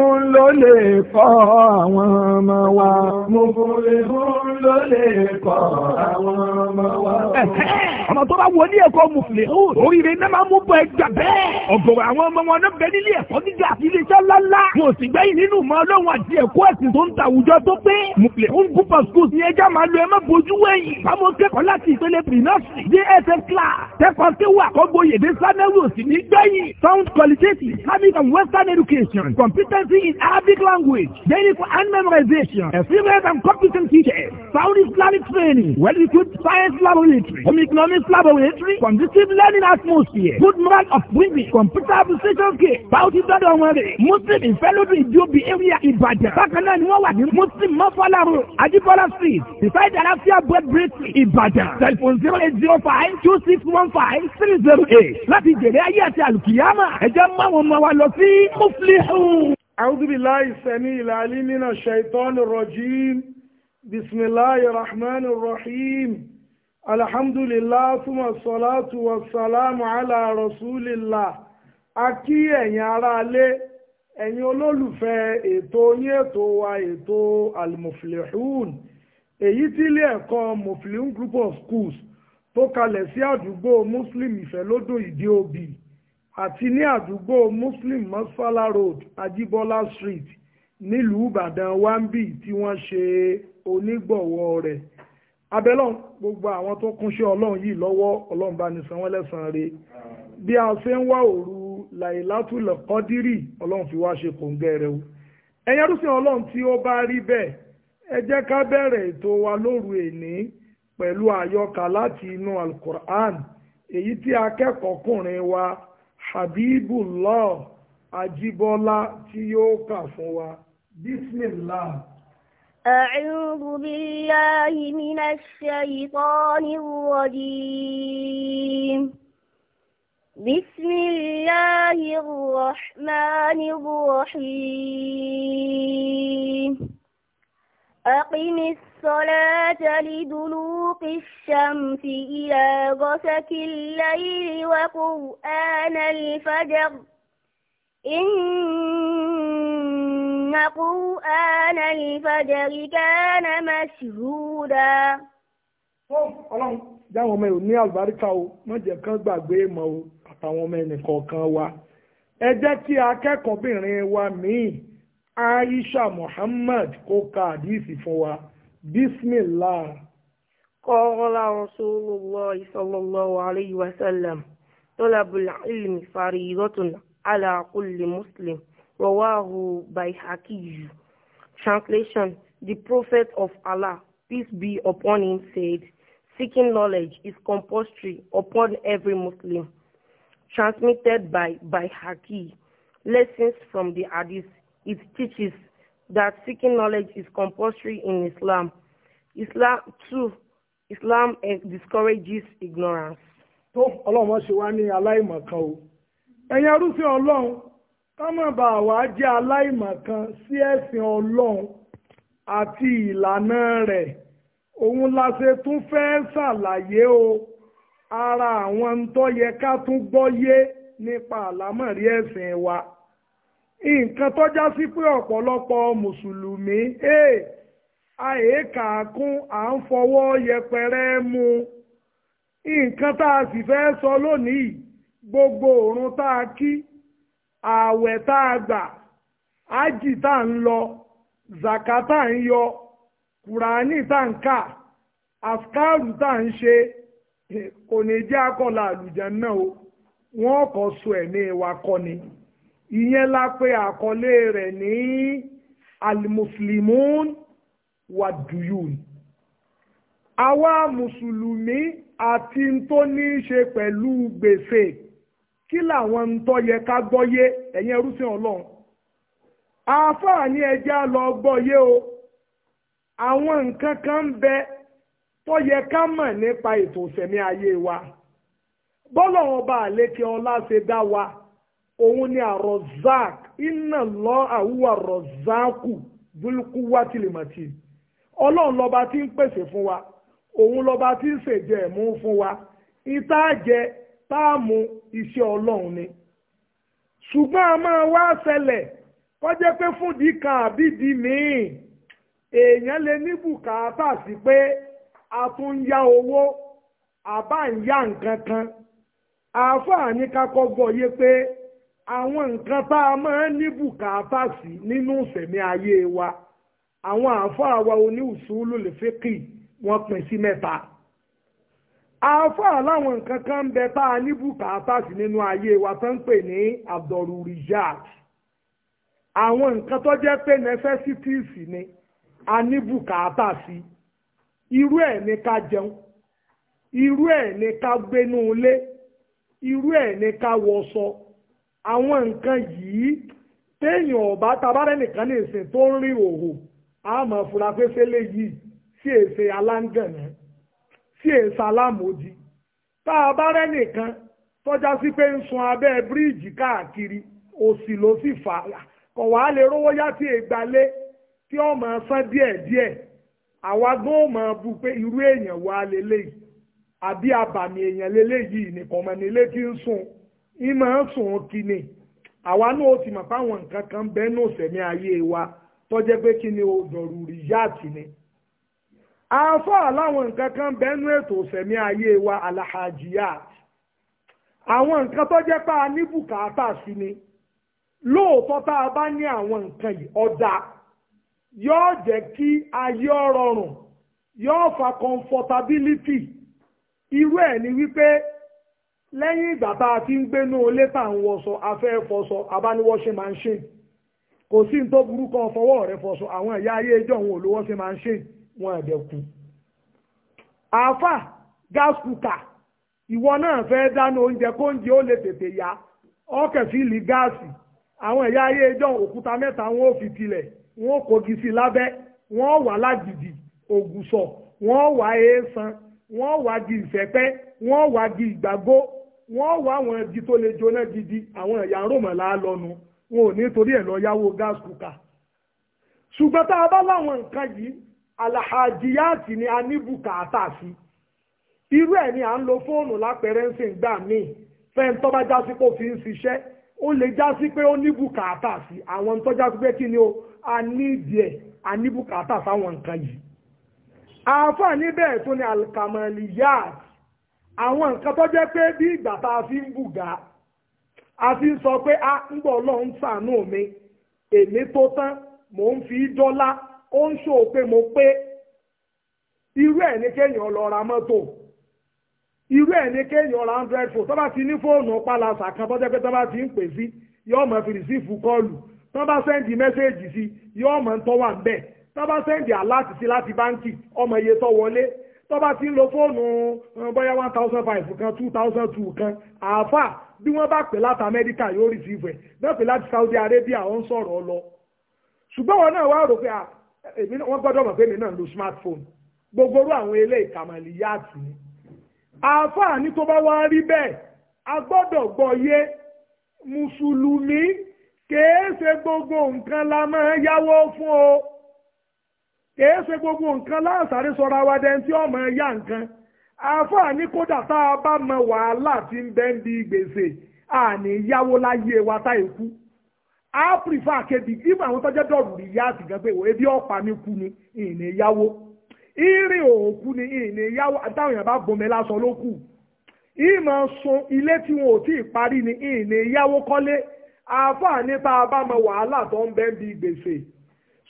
fún ló lè kọ́ àwọn wa. mo fòrè fún ló lè kọ́ àwọn ọmọ wa. ọmọ tó bá wọ ní ẹ̀kọ́ mo fìlè oríire náà máa mú bọ ẹgbà bẹ́ẹ̀. ọ̀gọ̀rọ̀ àwọn ọmọ wọn náà bẹ nílé ẹ̀kọ́ gíga àti iléeṣẹ́ mo sì gbẹ́yìn nínú ìmọ̀ ọlọ́run àti ẹ̀kọ́ ẹ̀sìn tó ń ta àwùjọ tó pé. mo fìlè hó gúpa schools ní ẹja máa lo ẹ má bojú báwo kẹ́kọ̀ọ́ láti ìpele pre dss class tẹ́kọ̀ọ́ tí wà kọ́gbóyèdè sanẹ́wò sì ní gbẹ̀yìn. sound qualitative islamic and western education competent is Arabic language, daily Quran memorization, experienced and competent teachers, sound Islamic training, well-equipped science laboratory, home economics laboratory, conducive learning atmosphere, good moral of women, computer application kit, bounty dọ́dọ̀ wọn rè. Muslim ìfẹ́lódún ìjóbi area Ìbàdàn. Bákan náà ni wọ́n wà ní Muslim Mọ́fọ́lárò, Ajíbọ́lá street, beside Àlàáfíà bread bakery Ìbàdàn. Telephone zero eight zero five two six one five three zero eight. Láti jèrè ayé àti àlùkìyámà, ẹ jẹ́ mọ́ àwọn ọmọ wa lọ sí Muflihun. أعوذ بالله السميع العليم من الشيطان الرجيم بسم الله الرحمن الرحيم الحمد لله ثم الصلاة والسلام على رسول الله akí ẹ̀yin aráalé ẹ̀yin olólùfẹ́ ètò yín ètò wa ètò almuflihun èyí tí ilé ẹ̀kọ́ muflihun group of schools tó kalẹ̀ sí àdúgbò muslim ìfẹ́lódò ìdí òbí àti ní àdúgbò muslim masfala road ajibola street nílùú ìbàdàn wambi tí wọ́n ṣe onígbọ̀wọ́ rẹ̀ abẹ́lọ́n gbogbo àwọn tó kúnṣẹ́ ọlọ́run yìí lọ́wọ́ ọlọ́run bá ní san wọ́n lẹ́san re bí a ṣe ń wá òru làìlátùl kọ́dírì ọlọ́run fi wá ṣe kòǹgẹ́ rẹ̀ o ẹ̀yẹ́ rúṣin ọlọ́run tí ó bá rí bẹ́ẹ̀ ẹ jẹ́ ká bẹ̀rẹ̀ ètò wa lóru èní pẹ̀lú àyọkà láti inú alukur'an èyí tí akẹ́kọ̀ọ́kùnrin wa Habibullah Ajíbọ́lá tí yóò kà fún wa bismillah. أعوذ بالله من الشيطان الرجيم بسم الله الرحمن الرحيم أقم الصلاة لدلوق الشمس إلى غسك الليل وقرآن الفجر إن قرآن الفجر كان مشهودا ọlọ́run ọmọ ẹ̀ ní àlùbáríkà o má jẹ́ kán gbàgbé ìmọ̀ àtàwọn ọmọ ẹnì wa ẹ jẹ́ kí akẹ́kọ̀ọ́bìnrin wa míì aisha muhammad kó ka àdìsí fún wa bismillah. qala rasulullah sallallahu alayhi wa sallam talabul ilmi faridatun ala kulli muslim rawahu bayhaqi. Translation The Prophet of Allah, peace be upon him, said, Seeking knowledge is compulsory upon every Muslim. Transmitted by Bayhaqi. Lessons from the Hadith it teaches that seeking knowledge is compulsory in Islam. Islam too, Islam discourages ignorance. tó ọlọ́run ṣe wá ní aláìmọ̀kan o ẹ̀yin arúfin ọlọ́run ká má bàa wá jẹ́ aláìmọ̀kan sí ẹ̀sìn ọlọ́run àti ìlànà rẹ̀ òun la ṣe tún fẹ́ ṣàlàyé o ara àwọn ń tó yẹ ká tún gbọ́ yé nípa àlámọ̀rí ẹ̀sìn wa. nǹkan tó já sí pé ọ̀pọ̀lọpọ̀ mùsùlùmí àìkà eh, kún à ń fọwọ́ yẹpẹrẹ mu nǹkan tá a sì fẹ́ sọ lónìí gbogbo òrun tá a kí ààwẹ̀ tá a gbà ájì tá a ń lọ zàkà tá a ń yọ kùránì tá a ń kà àfikàrù tá a ń ṣe eh, kò ní jẹ́ akọ́là àlùjá náà o wọ́n kọ́ so ẹ̀mí wa kọ́ ni. ìyẹn la pè àkọlé rẹ̀ ní alimuslimun waduyun àwa mùsùlùmí àti tó ní í ṣe pẹ̀lú gbèsè kí làwọn ń tọ́ yẹ ká gbọ́yé ẹ̀yin ẹrúsìn ọlọ́run àáfàá ní ẹja lọ gbọ́yé o àwọn nǹkan kan ń bẹ tó yẹ ká mọ̀ nípa ètò ìsẹ̀mí ayé wa bọ́lọ̀ ọba àlékè ọlá ṣe dá wa òun ni àrọ̀zák iná lọ àwùwà rọ̀zákù dúlùkúwà tìlìmọ̀tì ọlọ́run lọ́ba tí ń pèsè fún wa òun lọ́ba tí ń ṣèjẹ ẹ̀mú fún wa ìta jẹ táàmù iṣẹ́ ọlọ́run ni ṣùgbọ́n a máa wá ṣẹlẹ̀ kọjá pé fúndì kan àbídì míì èèyàn lè ní bùkátà sí pé a tún ń yá owó àbá ń yá nǹkan kan àáfàá ní gbọ́ yé pé àwọn nǹkan tá a máa ń ní bùkátà sí nínú ìfẹ̀mí ayé wa àwọn àáfàá wa oníwùsùlù lè fẹ́ kì wọ́n pín sí mẹ́ta àáfàá láwọn nǹkan kan ń bẹ tá a ní bùkátà sí nínú ayé wa tó ń pè ní abdulrujat àwọn nǹkan tó jẹ́ pé necessities ni a ní bùkátà sí irú ẹ̀ ní ká jẹun irú ẹ̀ ní ká gbénú ilé irú ẹ̀ ní ká wọṣọ. àwọn nǹkan yìí téèyàn bá tabárẹ́ nìkan ní ìsìn tó ń rí òhò a máa fura pé fẹ́lẹ́ yìí sí èsè aláǹgànná sí èsè alámòdì tá a bá rẹ́ nìkan tọ́já sí pé ń sun abẹ́ bíríìjì káàkiri òsì ló sì fà á kọ̀ wá lè rówó yá tí ègbálé tí ó máa san díẹ̀díẹ̀ àwa gan ó máa bu pé irú èèyàn wà lélẹ́yìí àbí àbàmì èèyàn lélẹ́yìí nìkan mọ̀ nílé tí ń sùn. ìmọ̀ sùn kí ni àwa o ti mọ̀ fáwọn nǹkan kan bẹ́ẹ̀ náà sẹ̀mí ayé wa tọ́jẹ́ pé kí ni o dọ̀rùrì yáàtì ni afọ́ àláwọn nǹkan kan bẹ́ẹ̀nú ètò ìsẹ̀mí ayé wa alahajiyat àwọn nǹkan tó jẹ́ pé a ní bùkátà sí ni lóòótọ́ tá a bá ní àwọn nǹkan yìí ọ̀dà yóò jẹ́ kí ayé yóò fa comfortability irú ẹ̀ ni lẹ́yìn ìgbà tá a ti ń gbénú olé tá à ń wọṣọ afẹ́ fọṣọ abániwọ́ṣe kò sí tó burú kan fọwọ́ rẹ fọṣọ àwọn ẹ̀yà ayé ẹjọ́ òun olówọ́ṣe wọn ẹ̀dẹ̀ kú. àáfà gas cooker ìwọ náà fẹ́ dáná oúnjẹ kóúnjẹ ó lè tètè yá ọkẹ̀ gáàsì àwọn ẹ̀yà ayé ẹjọ́ òkúta mẹ́ta wọn ò fi tilẹ̀ wọn ò kogi sí lábẹ́ wọn ò wà ògùsọ̀ wọn ò wà di ìfẹ́pẹ́ wọn ò di ìgbàgbó wọ́n wá àwọn igi tó lè jóná gidi àwọn ẹ̀yà rómọ̀lá lọ́nu wọn ò ní torí ẹ̀ lọ yáwó gas cooker ṣùgbọ́n tá a bá láwọn nǹkan yìí alahajiyaati ni a ní bùkátà sí irú ẹ̀ ni à ń lo fóònù lápẹ̀rẹ́ ń sìn gbà míì fẹ́ẹ́ tó bá jásí pé ó fi ń ṣiṣẹ́ ó lè jásí pé ó ní bùkátà sí àwọn tó jásí pé kí ni o a ní ìdíẹ̀ a ní bùkátà fáwọn nǹkan yìí àáfàá níbẹ̀ tó ni alkamaliyat àwọn nǹkan tó jẹ́ pé bí ìgbà tá a fi ń bùgà a fi ń sọ pé a ah, ń bọ̀ ọlọ́run ṣàánú mi èmi tó tán mò ń fi dọ́là ó ń ṣòwò pé mo pé irú ẹ̀ ní kéèyàn lọ ra mọ́tò irú ẹ̀ ní kéèyàn ra hundred phone tó bá ti ní fóònù pálásà kan tó jẹ́ pé tó bá ti ń pè sí yóò mọ̀ fi rìsífù kọ́ọ̀lù tó bá sẹ́ndì mẹ́sẹ́ẹ̀jì sí yóò mọ̀ ń tọ́wà ń bẹ̀ tó bá sẹ́ndì aláàtì sí láti báńkì ọmọ iye tó wọlé tó ti ń lo fóònù eh, bóyá one thousand five kan two thousand two kan àáfà bí wọ́n bá pè láti amẹ́ríkà yóò rí sí ìfẹ́ bẹ́ẹ̀ pè láti saudi arabia ó ń sọ̀rọ̀ lọ ṣùgbọ́n wọn náà wá rò pé ah, wọ́n gbọ́dọ̀ mọ̀ pé mi náà lo smartphone gbogbo orú àwọn ilé ìkàmọ̀lì yáàtì ni àáfà ní tó bá wá rí bẹ́ẹ̀ a gbọ́dọ̀ gbọ́ mùsùlùmí kèé ṣe gbogbo nǹkan la máa yáwó fún o kèé ṣe gbogbo nǹkan láàsáré sọra wa dẹni tí ọmọ ya nǹkan àáfàá ní kódà tá a bá mọ wàhálà tí ń bẹ ń bi gbèsè àní yáwó láyé wa tá èkú a pìrìfà kébì ìmọ̀ àwọn tọ́jọ́ dọ̀rù rí yá àtìgán pé ebi ọ̀pá mi kú ni ìní yáwó ìrìn òkú ni ìní yáwó àtàwọn èèyàn bá bomi lásán ló kù ìmọ̀ sun ilé tí wọn ò tí ì parí ni ìní yáwó kọ́lé àáfàá ní tá a bá mọ wàhálà tó ń bẹ ń bi gbèsè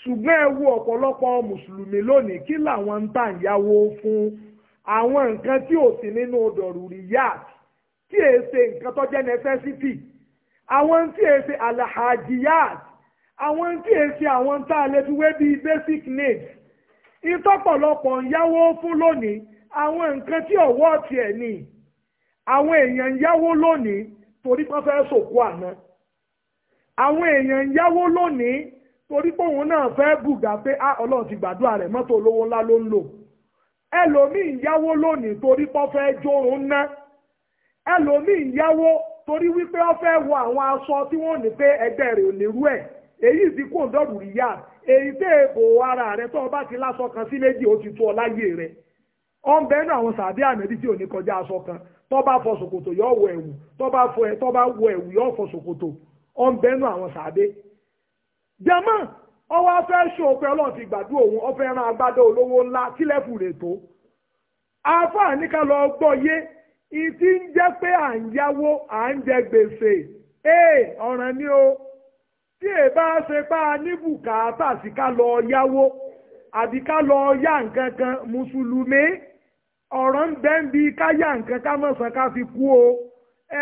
ṣùgbọ́n ẹ wo ọ̀pọ̀lọpọ̀ mùsùlùmí lónìí kí làwọn ń tà ń yáwó fún àwọn nǹkan tí ò sí nínú dọ̀rùrì yáàt tí è ṣe nǹkan tó jẹ́ necessity àwọn tí è ṣe alahaji àwọn tí è ṣe àwọn tá a lè fi wé bíi basic needs ìtọ́pọ̀lọpọ̀ ń yáwó fún lónìí àwọn nǹkan tí ọ̀wọ́ tiẹ̀ ni àwọn èèyàn ń yáwó lónìí torí pé wọ́n fẹ́ sòkú àná àwọn èèyàn ń yáwó lónìí torí pé òun náà fẹ́ bùgà pé á ah, ọlọ́run ti gbàdúrà rẹ̀ mọ́tò olówó ńlá ló ń lò ẹlòmíì yáwó lónìí torí pé ó fẹ́ jórun ná ẹlòmíì yáwó torí wípé ó fẹ́ wọ àwọn aṣọ tí wọ́n ní pé ẹgbẹ́ rẹ̀ ò ẹ̀ èyí ti kó èyí tẹ́ ara rẹ̀ tó o bá ti láṣọ kan sí méjì ó ti tó ọ láyé ọ ń àwọn sàbí àmẹ́bí tí jama ọwọ́ afẹ́ ṣe òpin ọlọ́run ti gbàdúrà òun ọfẹ́ ran agbádọ́ olówó ńlá tílẹ̀kùn rè tó àáfàá ní ká lọ gbọ́ yé ìtí ń jẹ́ pé à ń yáwó à ń jẹ gbèsè ee ọ̀ràn ni o tí èbá ṣe pa níbùkátà sí ká lọ yáwó àbí ká lọ yá nǹkan kan mùsùlùmí ọ̀rọ̀ ń bẹ́ ń bi ká yá nǹkan ká mọ̀ sàn ká fi kú o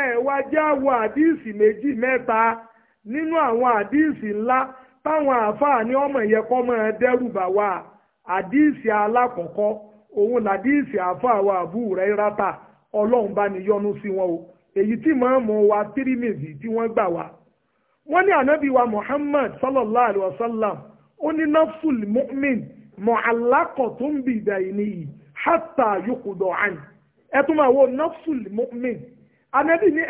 ẹ wá jáwọ́ àdíìsì méjì mẹ́ta nínú àwọn àdíìsì ńlá páwọn àáfàá ní ọmọ ìyẹn kọ́ máa dẹ́rùbà wá àdíìsì alákọ̀ọ́kọ́ òun làdíìsì àáfàá wa àbú rẹ̀ ráta ọlọ́run bá ní sí wọn o èyí tí màámù wa tírímìzì tí wọ́n gbà wá. wọ́n ní ànábì wa Muhammad sallallahu alayhi wa sallam ó ní nafsul mu'min mu'allaqatun bi daynihi hatta yuqda an ẹ tún máa wo nafsul mu'min ànábì ní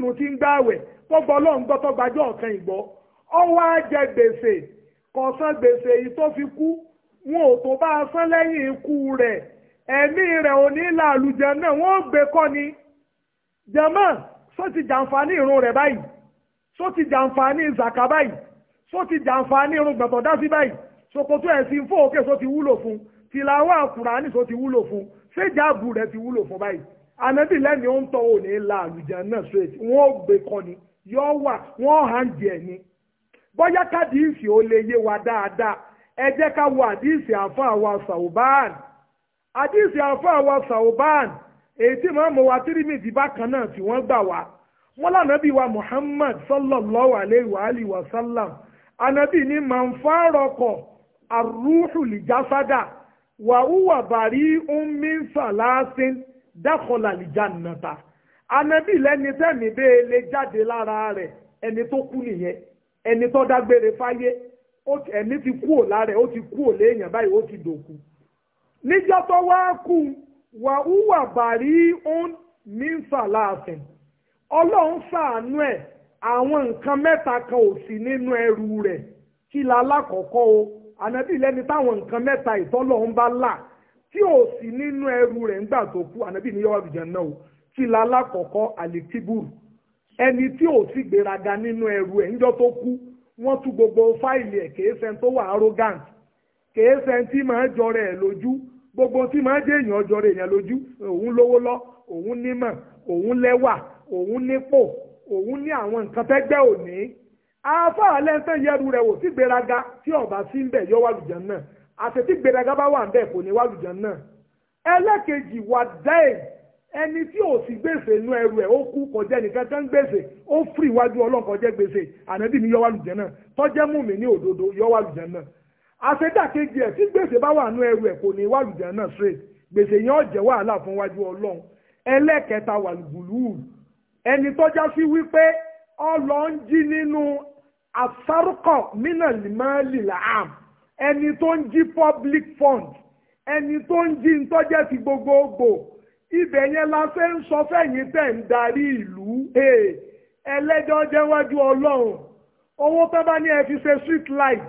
mùmí tó gbọ́ lọ́n gbọ́ tó gbajọ́ ọ̀kan ìgbọ́ ọ wá jẹ gbèsè kọ̀ọ̀sán gbèsè yìí tó fi kú wọn ò tó bá a san lẹ́yìn ikú rẹ̀ ẹ̀mí rẹ̀ ò ní là àlùjẹ náà wọ́n ò gbé kọ́ ni jẹ̀mọ́ só ti jàǹfààní ìrun rẹ̀ báyìí só ti jàǹfààní ìzàkà báyìí só ti jàǹfààní irun gbọ̀tọ̀ dá sí báyìí ṣòkòtò ẹ̀sìn fòókè só ti wúlò fún tìlàwọ́ àkùránì só ti wúlò fún séjàbù rẹ̀ ti wúlò fún báyìí ànábì lẹ́ni ó ń tọ́ òní la àlùjẹ náà straight wọ́n gbé kọ́ ni. yọ wọn wọ́n hàn díẹ̀ ni bóyá kádìísì ó lè yé wa dáadáa ẹ ká wo àdìísì àfáà àwa Sàwùbáàn àdìísì àfáà wa Sàwùbáàn èyí tí màmú wa tírímìtì bákan tí wọ́n gbà wá lànàbí wa Muhammad sallallahu alayhi wa alihi wa sallam ànàbí ni màá wàhùwà bàrí ń mí sàlásìn anabi lẹ́ni tẹ́mi bẹ́ẹ̀ jáde lára rẹ ẹni tó kú nìyẹn ẹni tó dágbére ẹni ti kú ò lára ó ti kú ò léèyàn báyìí ó ti dòkú níjọ́ tó wá kú wà hùwà bàrí òun ní sàlàsìn ọlọ́run ṣàánú ẹ̀ àwọn nǹkan mẹ́ta kan ò sí nínú rẹ̀ kí la lákọ̀ọ́kọ́ o anabi táwọn nǹkan mẹ́ta ìtọ́lọ́run bá là tí ò sí nínú rẹ̀ ńgbà tó kú ní fìlà alákọ̀ọ́kọ́ alikiburu ẹni tí ò sì gbéraga nínú ẹrù ẹ̀ níjọ́ tó kú wọ́n tú gbogbo fáìlì ẹ̀ tó wà arrogant kèése tí máa jọrọ ẹ̀ lójú gbogbo tí ma jẹ́ èèyàn jọrọ èèyàn lójú òun lówó lọ òun nímọ̀ òun lẹ́wà òun nípò òun ní àwọn nǹkan tẹ́gbẹ́ òní afa rẹ̀ gbéraga tí yọ náà gbéraga bá wà ń bẹ̀ kò ní ẹni tí ò sí gbèsè inú ẹrù ẹ̀ ó kú kọjá nìkan kan gbèsè ó fìrì iwájú ọlọ́run kọjá gbèsè ànábì ní yọ́wá lùjẹ́ náà tọ́jẹ́ mú mi ní òdodo yọ́wá lùjẹ́ náà àṣẹdàkejì ẹ̀ tí gbèsè bá wà nú ẹrù ẹ̀ kò ní wá lùjẹ́ náà straight gbèsè yẹn ó jẹ́ wàhálà fún wájú ọlọ́run ẹlẹ́kẹta wà lùgbùlù ẹni tọ́já sí wípé ọlọ́ ń jí nínú àsárùkọ̀ mínà lìmọ́lì public fund ẹni tó ń jí ntọ́jẹ́ ibẹ̀ yẹn la fẹ́ ń sọ fẹ́yìn tẹ̀ ń darí ìlú ẹlẹ́jọ́ jẹ́wájú ọlọ́run owó tán bá ní ẹ fi ṣe street light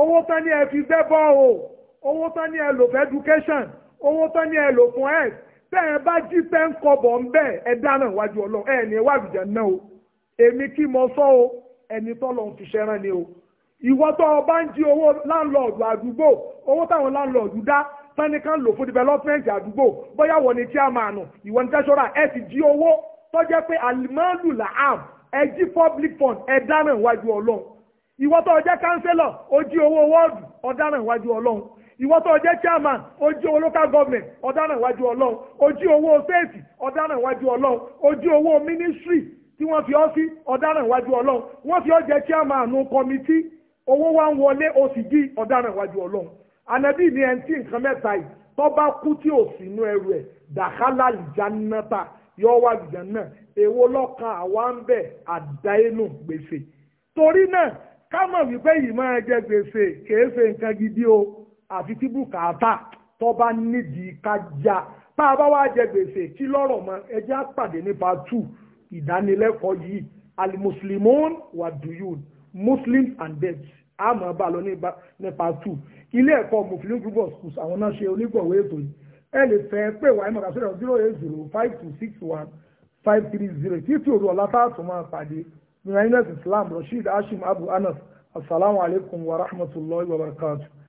owó tán ní ẹ fi bẹ́ bọ́ọ̀ owó tán ní ẹ lò fún education owó tán ní ẹ lò fún health tẹ́ ẹ bá jí tẹ́ ń kọbọ̀ ń bẹ̀ ẹ dáná wájú ọlọ́run ẹ ní wàlùjá náà o èmi kí mo sọ o ẹni tọ́lọ́ ń fi ṣẹ́ràn ni o ìwọ tó o bá ń jí owó láńlọ́ọ̀dù àdúgbò owó táwọn láńlọ́ọ̀dù dá tẹ́nìkan lò fún dìbẹ́lọ́pẹ́ǹtì àdúgbò bóyá wọ̀ ní chairman ìwọ ní tẹ́sọ́rà ẹ ti jí owó tó jẹ́ pé alimọ́ọ̀lù làám ẹ jí public fund ẹ dáná ìwájú ọlọ́run ìwọ tó o jẹ́ kánsẹ́lọ̀ o jí owó wọ́ọ̀dù ọ dáná ìwájú ọlọ́run ìwọ tó o chairman o jí owó local government ọ dáná ìwájú ọlọ́run o jí owó state ọ dáná ìwájú ọlọ́run o jí owó ministry tí wọ́n fi ọ́ sí ọ dáná ìwájú ọlọ́run wọ́n fi ọ́ jẹ́ chairman kọ́mítì owó wa ń wọlé o sì di ọ̀daràn iwájú ọlọ́run ànábì ní ẹni tí nǹkan mẹ́ta yìí tó bá kú tí ò sí inú ẹrù ẹ̀ dàkálà ìjánnáta yọ wá ìjánná èwo lọ́kàn àwa ń bẹ̀ àdáyénú gbèsè torí náà ká mọ̀ wípé yìí máa jẹ gbèsè kèé ṣe nǹkan gidi o àfi tí bùkátà tó bá nídìí ká já tá a bá wá jẹ gbèsè kí lọ́rọ̀ mọ ẹjẹ́ àpàdé nípa two ìdánilẹ́kọ̀ọ́ yìí alimuslimun wàdúyùn muslims and debt a máa bá lọ ní part two ilé ẹ̀kọ́ muslim group of schools àwọn náà ṣe onígbọ̀wé ètò yìí ẹ lè fẹ́ pé wàá mọ̀ká sórí zero eight zero five two six one five three zero títí òru ọ̀la táàtù máa pàdé nínú islam rasheed hashim abu anas asalaamualeykum wa rahmatulahi wa barakatuh.